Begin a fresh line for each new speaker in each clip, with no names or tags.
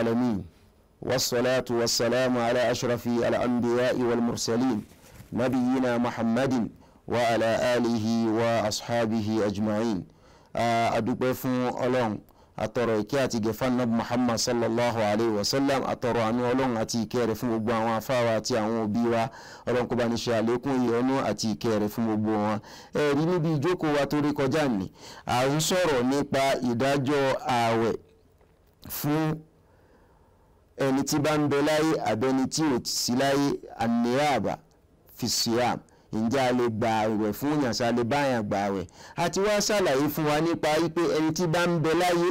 العالمين والصلاة والسلام على أشرف الأنبياء والمرسلين نبينا محمد وعلى آله وأصحابه أجمعين أدوبي فون ألون atọrọ ìkẹ́ àti gẹ̀fà nàbì muhammad sallallahu alayhi wa sallam atọrọ àánú ọlọ́run àti ìkẹ́ rẹ̀ fún gbogbo àwọn afáwa àti àwọn òbí wa ọlọ́run kó bá ní ṣe àlékún ìyọ́nú àti ìkẹ́ rẹ̀ fún gbogbo wọn. ẹ̀rí níbi ìjókòó wa tó rí kọjá mi à ń sọ̀rọ̀ nípa ìdájọ́ ààwẹ̀ fún ẹni tí bá ń bẹ láyé àbẹni tí ò sí láyé àníyàbà fi síyàm ǹjẹ́ a lè gba àwẹ̀ fún yànṣá lè báyàn gba àwẹ̀ a ti wá ṣàlàyé fún wa nípa wípé ẹni tí bá ń bẹ láyé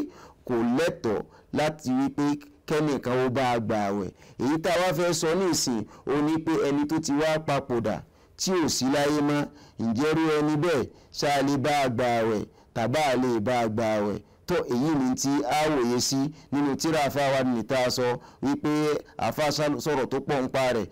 kò lẹ́tọ̀ọ́ láti wípé kẹ́nìkan ó bá a gba àwẹ̀ èyí tá a wá fẹ́ sọ ní ìsìn ó ní pé ẹni tó ti wá papòdà tí ò sí láyé mọ́ ǹjẹ́ rú ẹni bẹ́ẹ̀ ṣáà lè bá a gba àwẹ̀ tàbá lè bá a gba àwẹ̀ tó èyí ni tí a wòye sí nínú tíra àfáwa ní ta sọ wípé àfa sọ̀rọ̀ tó pọ̀ ń pa rẹ̀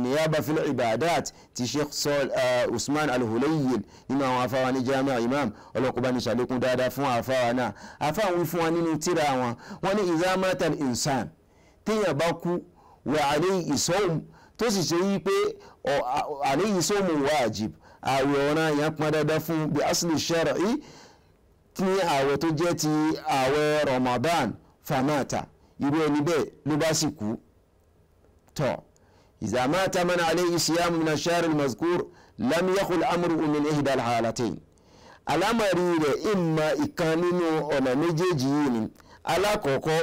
niyaba fil ibadat ti sheikh sol usman alhulayil nínú àwọn àfáwa ní jami'a imam ọlọ́kùnbá ní sàlékún dáadáa fún àfáwa náà àfáà wí fún wa nínú tíra wọn wọn ní iza insan téèyàn bá kú wa alayhi sawm tó sì ṣe yí pé alayhi sawm wajib àwẹ̀ yẹn pọn dandan fún bí aslu shar'i tí ààwẹ̀ tó jẹ́ ti ààwẹ̀ Ramadan famata irú ẹni bẹ́ẹ̀ ló bá sì kú tọ́ ìzàmáta mọ́nà alẹ́ ìṣìyàmù na sharil mazkur lam yakul amru min ihdal halatain alámàrí rẹ̀ ìmọ̀ ìkan nínú ọ̀nà méjèèjì yìí ni alákọ̀ọ́kọ́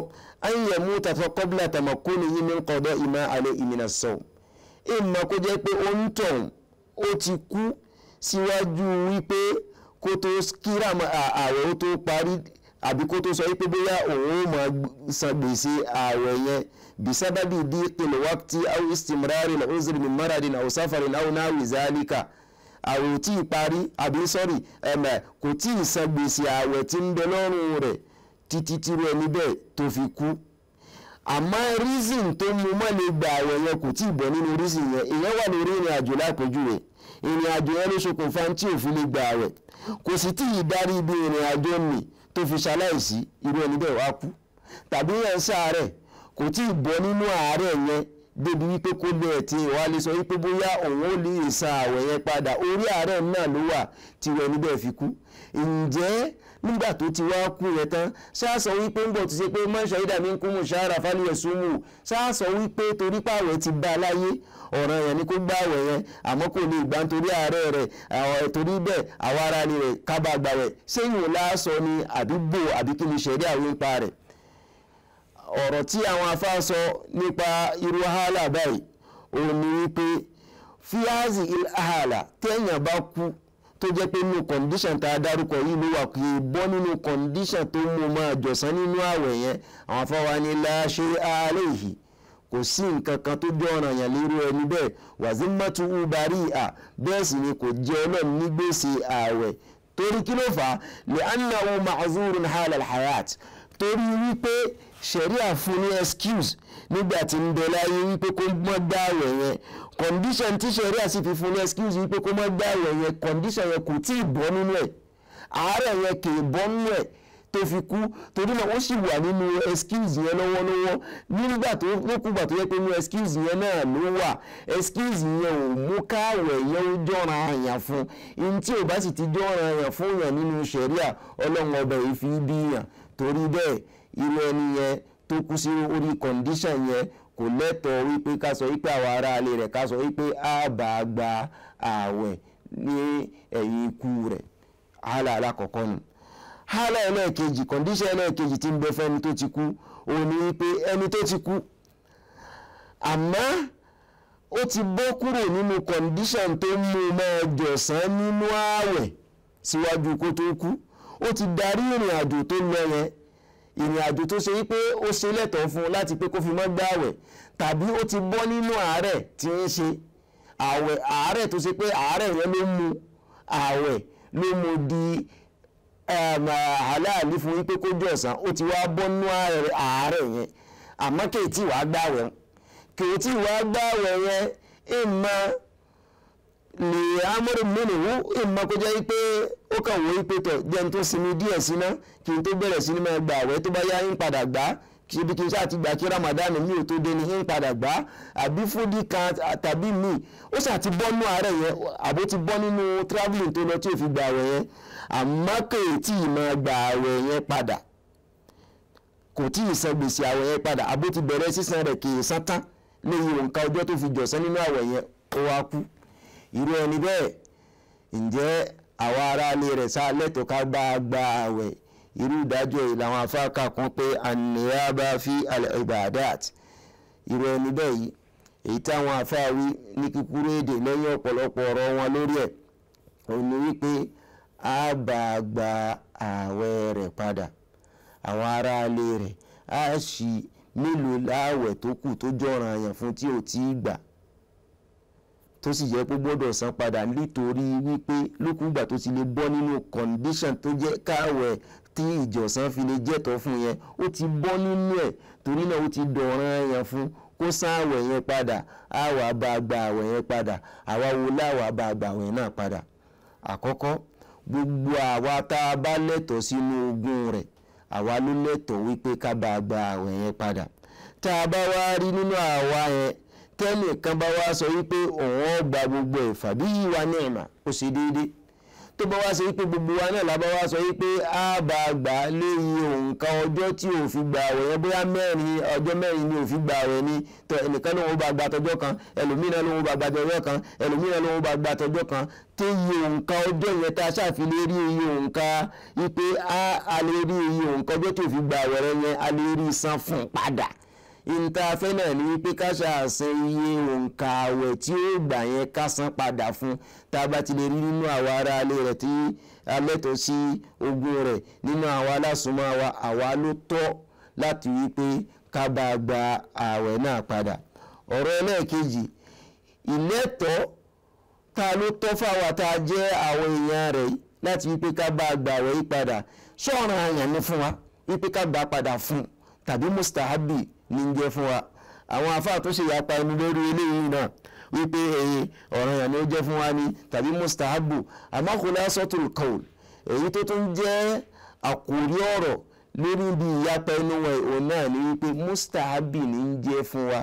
an yamuta fa qabla tamakkunihi min qada'i ma alayhi min as-sawm ìmọ̀ kó jẹ́ pé ó ń tọ̀hún ó ti kú síwájú wípé kó tó kíra ààwẹ̀ ó tó parí àbí kó tó sọ wípé bóyá òun ó máa san gbèsè ààwẹ̀ yẹn bisababi diqil waqti aw istimrari la uzri min maradin aw safarin aw nawi zalika àwẹ̀ tí ì parí àbí sọ́rí ẹ̀mẹ̀ kò tí ì san gbèsè ààwẹ̀ tí ń bẹ lọ́rùn rẹ̀ títí tí ẹni bẹ́ẹ̀ tó fi kú àmọ́ reason tó mú mọ́ lè gba àwẹ̀ yẹn kò tí ì bọ̀ nínú reason yẹn ìyẹn wà lórí ìrìn àjò lápèjúwe ìrìn àjò yẹn ló ṣokùnfà tí òfin lè gba àwẹ̀ kò sì tí ì darí ibi ìrìn àjò nì tó fi ṣaláìsí irú ẹni bẹ́ẹ̀ wá kú tàbí yẹn ṣàárẹ̀ kò tí ì bọ́ nínú àárẹ̀ yẹn débi wípé kó lé ẹ̀ tí ìwà lè sọ wípé bóyá òun ó lè san àwẹ̀ yẹn padà orí àárẹ̀ náà ló wà tí ìwẹ̀ níbẹ̀ nígbà tó ti wá kú yẹn tán ṣáàsọ wípé ń bọ̀ tó ṣe pé mọ́ṣọ́ ìdá mi ń kú mu ṣáàrà fálíyẹ̀ súnmù ṣáàsọ wípé torí pààwẹ̀ ti bá a láyé ọ̀ràn yẹn ni kó gbá àwẹ̀ yẹn àmọ́ kò lè gbà nítorí àárẹ̀ rẹ̀ torí bẹ́ẹ̀ àwọn ara rẹ̀ kábàá gbà wẹ̀ ṣéyìn láàsọ ni àdúgbò àbí kí ni ṣẹ̀rí àwọn ipa rẹ̀ ọ̀rọ̀ tí àwọn afá nípa irú hálà báyìí òun ni wípé fíázì il téèyàn bá kú tó jẹ́ pé inú kọ̀ǹdíṣàn tá a dárúkọ yìí ló wà kí bọ́ nínú kọ̀ǹdíṣàn tó mú máa jọ̀sán nínú àwẹ̀ yẹn àwọn afọwà ni láṣẹ ààrẹ yìí kò sí nǹkan kan tó jẹ́ ọ̀ràn yàn lérú ẹni bẹ́ẹ̀ wàzímọ́tú ubari à bẹ́ẹ̀ sì ni kò jẹ́ ọlọ́run ní gbèsè ààwẹ̀ torí kí ló fà á lè annahu ma'zurun halal hayat torí wípé sẹ̀ríà fún ní excuse nígbà tí ń bẹ láyé wípé kó mọ́ gbààwẹ̀ yẹn condition tí sẹ̀ríà sì fi fún ní excuse wípé kó mọ́ gbààwẹ̀ yẹn condition yẹn kò tí ì bọ́ nínú ẹ̀ àárẹ̀ yẹn kì í bọ́ nínú ẹ̀ tó fi kú torí náà ó sì wà nínú excuse yẹn lọ́wọ́lọ́wọ́ nígbà tó lókùgbà tó yẹ pé nínú excuse yẹn náà ló wà excuse yẹn ò mú káàwẹ̀ yẹn ó jọra àyàn fún in tí ò bá sì ti jọra àyàn fún yàn nínú sẹ̀ríà ọlọ́run ọbẹ̀ yìí fi bí yàn torí bẹ́ẹ̀ irú ẹni yẹn tó kú sí orí kọ̀ǹdíṣàn yẹn kò lẹ́tọ̀ọ́ wípé ká sọ wípé àwọn ará rẹ̀ ká sọ wípé á bá a gba ààwẹ̀ ní ẹ̀yìn ikú rẹ̀ hálà alákọ̀ọ́kọ́ nù hálà ẹlẹ́ẹ̀kejì kọ̀ǹdíṣàn ẹlẹ́ẹ̀kejì ti kú òun ni wípé ẹni tó ti kú àmọ́ ó ti nínú tó mú jọ̀sán nínú ààwẹ̀ síwájú kó tó kú ó ti darí ìrìn àjò ìrìn àjò tó ṣe wípé ó ṣe lẹ́tọ̀ọ́ fún un láti pé kó fi mọ́ gbààwẹ̀ tàbí ó ti bọ́ nínú àárẹ̀ tí ń ṣe àwẹ̀ àárẹ̀ tó ṣe pé àárẹ̀ yẹn ló mu àwẹ̀ ló mu di àlàálí fún wípé kó jọ ọ̀sán ó ti wá bọ́ nínú àárẹ̀ yẹn àmọ́ kì í tí wàá gbààwẹ̀ kì í tí wàá gbààwẹ̀ yẹn ìmọ̀ lè amúrè mìíràn ìmọ̀ kó jẹ́ wípé ó kàn wọ́n pé tọ̀ jẹ́ n tó sinmi díẹ̀ síná kí n tó bẹ̀rẹ̀ sí ni máa gba àwẹ̀ tó bá yá ń padà gbà á kí n ṣáà ti gbà kí Ramadan mi ò tó dé ni ń padà gbà á àbí fúdí kan tàbí mi ó ṣáà ti bọ́ nínú àárẹ̀ yẹn àbó ti bọ́ nínú travelling tó lọ tí ò fi gba àwẹ̀ yẹn àmọ́ kò tí ì máa gba àwẹ̀ yẹn padà kò tí ì san gbèsè àwẹ̀ yẹn padà àbó ti bẹ̀rẹ̀ sísan rẹ̀ kì í san tán lẹ́yìn òǹkà ọjọ́ tó fi jọ̀sán nínú àwẹ̀ yẹn ó wá kú irú ẹni bẹ́ẹ̀ ǹjẹ́ àwọn aráalé rẹ̀ sá lẹ́tọ̀ọ́ ká bá a gba àwẹ̀ irú ìdájọ́ yìí làwọn afáàkà kan pé àníyàbá fi al-ibadat irú ẹni bẹ́ẹ̀ yìí èyí táwọn afáàwí ní kíkúrú èdè lẹ́yìn ọ̀pọ̀lọpọ̀ ọ̀rọ̀ wọn lórí ẹ̀ òun wípé a bá gba àwẹ̀ rẹ̀ padà àwọn aráalé rẹ̀ á sì mélòó láàwẹ̀ tó kù tó jọ̀ràn àyàn fún tí ò tí ì gbà tó sì yẹ kó gbọ́dọ̀ san padà nítorí wípé lókùúgbà tó ti lè bọ́ nínú condition tó jẹ́ káwẹ̀ tí ìjọ̀sán fi lè jẹ́tọ̀ fún yẹn ó ti bọ́ nínú ẹ̀ torí náà ó ti dọ̀ràn yẹn fún kó san àwẹ̀ yẹn padà àwa bá gba àwẹ̀ yẹn padà àwa wo láwa bá gba àwẹ̀ yẹn náà padà àkọ́kọ́ gbogbo àwa tá a bá lẹ́tọ̀ọ́ sínú ogún rẹ̀ àwa ló lẹ́tọ̀ọ́ wípé ká bá gba àwẹ̀ yẹn padà tá a bá wá rí nínú àwa yẹn tẹ́nìkan bá wá sọ wípé òun ó gba gbogbo ẹ̀ fàbí yìí wá ní ẹ̀mà ó ṣe déédé tó bá wá sọ wípé gbogbo wa náà lábá wá sọ wípé á bá a gbà á léyìn òǹkà ọjọ́ tí ò fi gba àwẹ̀ yẹn bóyá mẹ́rin ọjọ́ mẹ́rin ni ò fi gba àwẹ̀ ni ẹnìkan ló ń bá gba tọjọ́ kan ẹlòmíràn ló ń bá gba tọjọ́ kan ẹlòmíràn ló ń bá gba tọjọ́ kan téye òǹkà ọjọ́ yẹn tá a ṣàfilé rí iye òǹkà wípé a lè rí iye òǹkà ọjọ́ tí ò fi gba àwẹ̀ rẹ yẹn a lè rí san fún padà ìntàfẹ́ náà ní pé ká ṣàṣàn iye òǹkà àwẹ̀ tí ó gbà yẹn ká san padà fún tá a bá ti lè rí nínú àwọn ará ilé rẹ̀ tí alẹ́tọ̀ọ́ sí ogún rẹ̀ nínú àwọn alásùnmọ́ wa àwa ló tọ́ láti wí pé ká bá a gba àwẹ̀ náà padà ọ̀rọ̀ ẹlẹ́ẹ̀kejì ìlẹ́tọ̀ọ́ ta ló tọ́ fáwa tá a jẹ́ àwọn èèyàn rẹ̀ láti wí ká bá a gba àwẹ̀ yìí padà ṣọ́ọ̀ràn àyàn ní fún wa wí ká gbà padà fún tàbí mustahabi ní ń jẹ́ fún wa àwọn àfáà tó ṣe ìyapa ẹnu lórí eléyìí náà wípé ẹ̀yìn ọ̀ranyàn ni ó jẹ́ fún wa ni tàbí mustahabu àmọ́ khulasatul qawl èyí tó tún jẹ́ àkòrí ọ̀rọ̀ lórí ibi ìyapa ẹnu wọn òun náà ni wípé mustahabi ní ń jẹ́ fún wa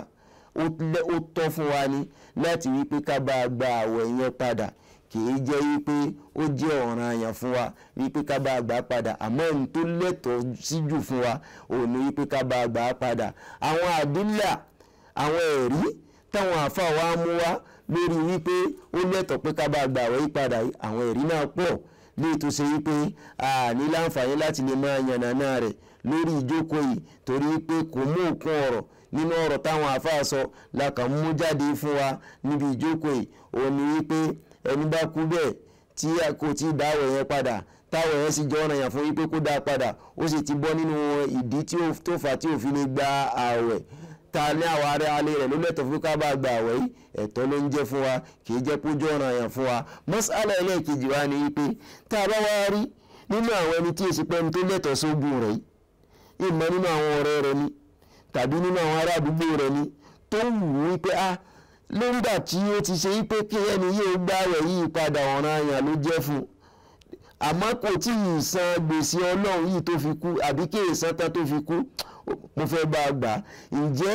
ó tọ́ fún wa ni láti wípé ká bá a gba àwẹ̀ yẹn padà kìí jẹ́ wípé ó jẹ́ ọ̀ràn àyàn fún wa wípé ká bá gbà padà àmọ́ ohun tó lẹ́tọ̀ọ́ síjù fún wa òun ni wípé ká bá gbà padà àwọn àdílà àwọn ẹ̀rí táwọn àfáà wa mú wá lórí wípé ó lẹ́tọ̀ọ́ pé ká bá gbà wọ́n padà àwọn ẹ̀rí náà pọ̀ lè tó ṣe wípé àní láǹfààní láti lè máa yànnàná rẹ̀ lórí ìjókòó yìí torí pé kò mú òkun ọ̀rọ̀ nínú ọ̀rọ̀ táwọn sọ la mú jáde fún wa níbi ìjókòó yìí òun ni ẹni bá kú bẹ́ẹ̀ tí a kò tí dá àwẹ̀ yẹn padà táwẹ̀ yẹn sì jọ ọ̀nà yàn fún yí pé kó dá padà ó sì ti bọ́ nínú ìdí tó fà tí òfin lè gba àwẹ̀ ta ní àwọn ará alẹ́ rẹ̀ ló lẹ́tọ̀ fún ká bá gba àwẹ̀ yìí ẹ̀tọ́ ló ń jẹ́ fún wa kì í jẹ́ pójú ọ̀nà yàn fún wa mọ́sálà ẹlẹ́ẹ̀kejì wa ni wípé tá a bá wá rí nínú àwọn ẹni tí èsì pẹ́ni tó lẹ́tọ̀ sógun rẹ̀ yìí ìmọ̀ nínú àwọn ọ̀rẹ́ rẹ̀ ni tàbí nínú àwọn ará àdúgbò rẹ̀ ni tó wù ú wípé ah lóńgbà tí ó ti ṣe pé kí ẹni yóò gbààwẹ̀ yìí padà ọ̀ranyàn ló jẹ́ fún un àmọ́ kò tí ì san gbèsè ọlọ́run yìí tó fi kú àbí kí èèsàn tán tó fi kú mo fẹ́ bá a gbà ǹjẹ́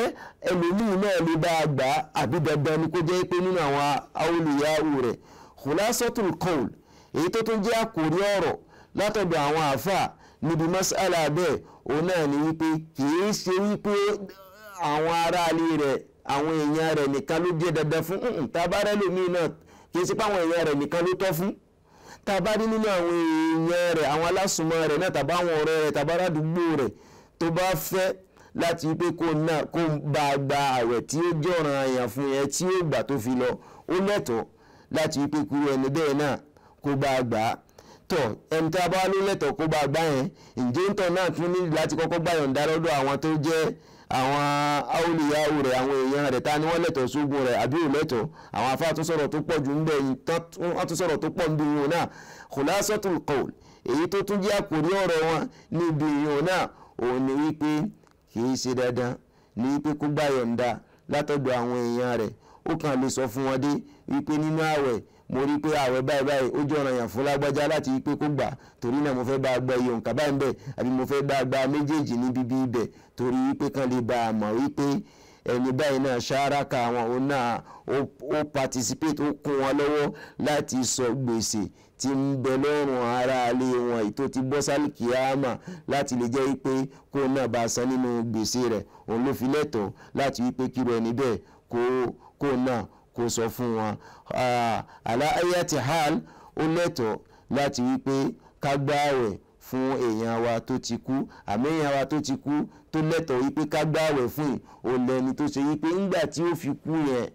ẹlòmíì náà ló bá a gbà àbí dandan ni kó jẹ́ pé nínú àwọn awolùyàwó rẹ̀ khulasatul qawl èyí tó tún jẹ́ àkòrí ọ̀rọ̀ látọ̀dọ̀ àwọn àáfàá níbi mas'ala bẹ́ẹ̀ òun náà ni wípé kì í ṣe wípé àwọn aráalé rẹ̀ àwọn èèyàn rẹ̀ nìkan ló jẹ́ dandan fún tá a bá rẹ́ lómi náà kì í ṣe pé àwọn èèyàn rẹ̀ nìkan ló tọ́ fún tá a bá rí nínú àwọn èèyàn rẹ̀ àwọn alásùnmọ́ rẹ̀ náà tàbá àwọn ọ̀rẹ́ rẹ̀ tàbá rádùúgbò rẹ̀ tó bá fẹ́ láti pé kó náà kó bá a gba àwẹ̀ tí ó jọ̀ràn àyàn fún yẹn tí ó gbà tó fi lọ ó lẹ́tọ̀ọ́ láti pé kúrú ẹni bẹ́ẹ̀ náà kó bá a gbà á tọ̀ ẹni tí a bá ló lẹ́tọ̀ọ́ kó bá a gbà yẹn ǹjẹ́ náà tún ní láti kọ́kọ́ gbà yọ̀ǹda lọ́dọ̀ àwọn tó jẹ́ àwọn awolìyàwó ya àwọn èèyàn rẹ̀ ta ni wọ́n lẹ́tọ̀ọ́ sógun rẹ̀ àbí ò lẹ́tọ̀ọ́ àwọn afá tún sọ̀rọ̀ tó pọ̀ jù ńbẹ̀ yìí wọ́n tún sọ̀rọ̀ tó pọ̀ ń bí wọn náà khulasatul qawl èyí tó tún jẹ́ àkórí ọ̀rọ̀ wọn níbi náà òun ni wípé kì ṣe dandan ní wípé kó gbà yọ̀ǹda látọ̀dọ̀ àwọn èèyàn rẹ̀ ó kàn lè sọ fún wọn mo rí i pé ààwẹ̀ báyìí báyìí ó jẹ́ ọ̀ranyàn fún lágbájá láti rí i pé kó gbà torí náà mo fẹ́ bá a gba iye òǹkà báyìí bẹ́ẹ̀ àbí mo fẹ́ bá a gba méjèèjì níbi bí ibẹ̀ torí wípé kan lè bá a mọ̀ wípé ẹni báyìí náà ṣáraka àwọn òun náà ó participate ó kún wọn lọ́wọ́ láti sọ gbèsè tí ń bẹ lọ́rùn ara ilé wọn èyí tó ti bọ́ sálìkì àmà láti lè jẹ́ pé kó náà bá san nínú gbèsè rẹ̀ òun ló fi lẹ́tọ̀ọ́ láti wípé kíro ẹni bẹ́ẹ̀ kó náà kó sọ fún wọn àlá ayati ó lẹ́tọ̀ọ́ láti wí pé ká gbààwẹ̀ fún èèyàn wa tó ti kú àmì èèyàn wa tó ti kú tó lẹ́tọ̀ọ́ wípé ká gbààwẹ̀ fún yìí ò lẹ́ni tó ṣe wípé ńgbà tí ó fi kú yẹn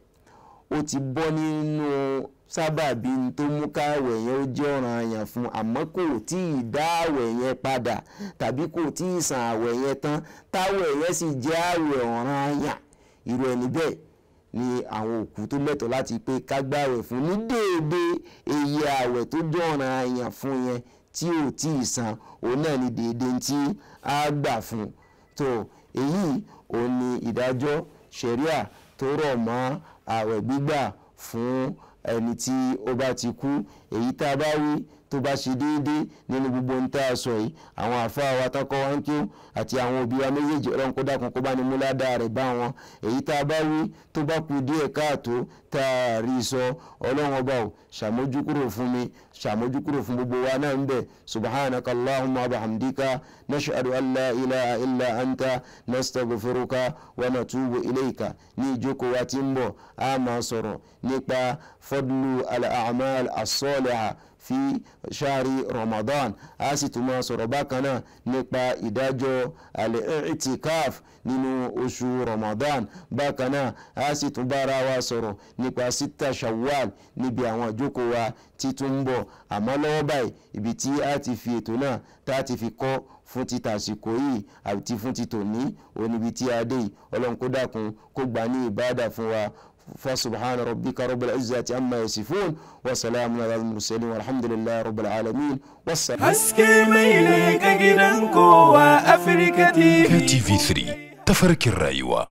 ó ti bọ́ nínú sábàbí tó mú káwẹ̀ yẹn ó jẹ́ ọ̀ràn àyàn fún àmọ́ kò tí ì dá àwẹ̀ yẹn padà tàbí kò tí ì san àwẹ̀ yẹn tán táwẹ̀ yẹn sì jẹ́ àwẹ̀ ọ̀ràn àyàn irú ẹni bẹ́ẹ̀ ni àwọn òkú tó lẹ́tọ̀ọ́ láti pé ká gbààwẹ̀ fún ní déédéé iye ààwẹ̀ tó jọ ọ̀ràn àyàn fún yẹn tí ò tí ì san òun náà ni déédéé tí a gbà fún tó èyí òun ni ìdájọ́ ṣẹ̀ríà tó rọ̀ mọ́ ààwẹ̀ gbígbà fún ẹni tí ó bá ti kú èyí tá a bá wí tó bá ṣe déédéé nínú gbogbo ohun tá a sọ yìí àwọn àfáà wa tán kọ́ wọn kí ó àti àwọn òbí wa méjèèjì ọlọ́run kó dákun kó bá ní múládàá rẹ̀ bá wọn èyí tá a bá wí tó bá kù díẹ̀ káàtó tá a rí sọ ọlọ́run ọba ò ṣàmójúkúrò fún mi ṣàmójúkúrò fún gbogbo wa náà ń bẹ̀ subhanaka allahumma wa bihamdika nashhadu an la ilaha illa anta nastaghfiruka wa natubu ilayka ní ìjókòó wa ti ń bọ̀ a máa sọ̀rọ̀ nípa fadlu al-a'mal sọ́ọ̀lẹ́à fi ṣáàrí Ramadan a sì tún máa sọ̀rọ̀ bákan náà nípa ìdájọ́ al-i'tikaf nínú oṣù Ramadan bákan náà a sì tún bára wa sọ̀rọ̀ nípa sita shawwal níbi àwọn ìjókòó wa títún ń bọ̀ àmọ́ lọ́wọ́ báyìí ibi tí a ti fi ètò náà tá a ti fi kọ́ fún ti tàsìkò yìí àti fún ti tòní oníbi tí a dé ọlọ́run kó dákun kó gbà ní ìbáàdà fún wa فسبحان ربك رب العزة عما يصفون وسلام على المرسلين والحمد لله رب العالمين والسلام حسكي ميلك أجنان كوا أفريكا تي في 3 تفرك الرايوة